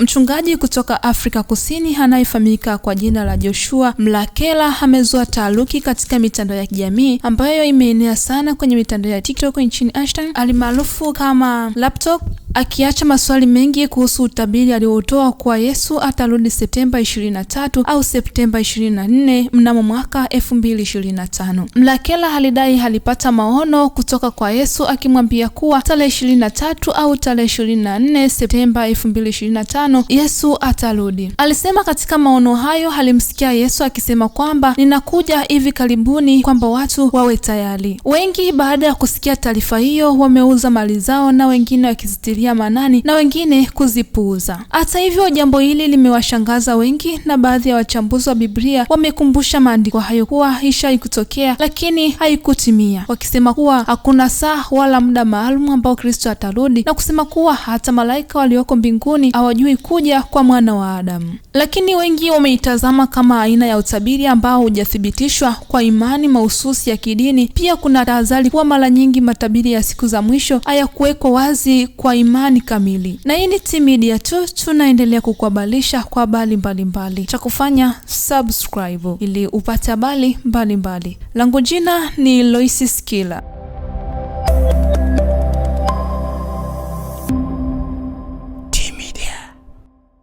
Mchungaji kutoka Afrika Kusini anayefahamika kwa jina la Joshua Mlakela amezua taaruki katika mitandao ya kijamii ambayo imeenea sana kwenye mitandao ya TikTok nchini Ashton alimaarufu kama laptop akiacha maswali mengi kuhusu utabiri aliotoa kuwa Yesu atarudi Septemba 23 au Septemba 24 mnamo mwaka 2025. Mlakela alidai alipata maono kutoka kwa Yesu akimwambia kuwa tarehe 23 au tarehe 24 Septemba 2025 Yesu atarudi. Alisema katika maono hayo alimsikia Yesu akisema kwamba ninakuja hivi karibuni, kwamba watu wawe tayari. Wengi baada ya kusikia taarifa hiyo wameuza mali zao na wengine wakizitiri kuzitilia manani na wengine kuzipuuza. Hata hivyo, jambo hili limewashangaza wengi na baadhi ya wachambuzi wa Biblia wamekumbusha maandiko hayo kuwa isha kutokea, lakini haikutimia, wakisema kuwa hakuna saa wala muda maalum ambao Kristo atarudi na kusema kuwa hata malaika walioko mbinguni hawajui kuja kwa mwana wa Adamu. Lakini wengi wameitazama kama aina ya utabiri ambao hujathibitishwa kwa imani mahususi ya kidini. Pia kuna tahadhari kuwa mara nyingi matabiri ya siku za mwisho hayakuwekwa wazi kwa imani imani kamili. Na hii ni T tu, tunaendelea kukuhabarisha kwa habari mbalimbali. Cha kufanya subscribe ili upate habari mbalimbali. Langu jina ni Loisi Skila.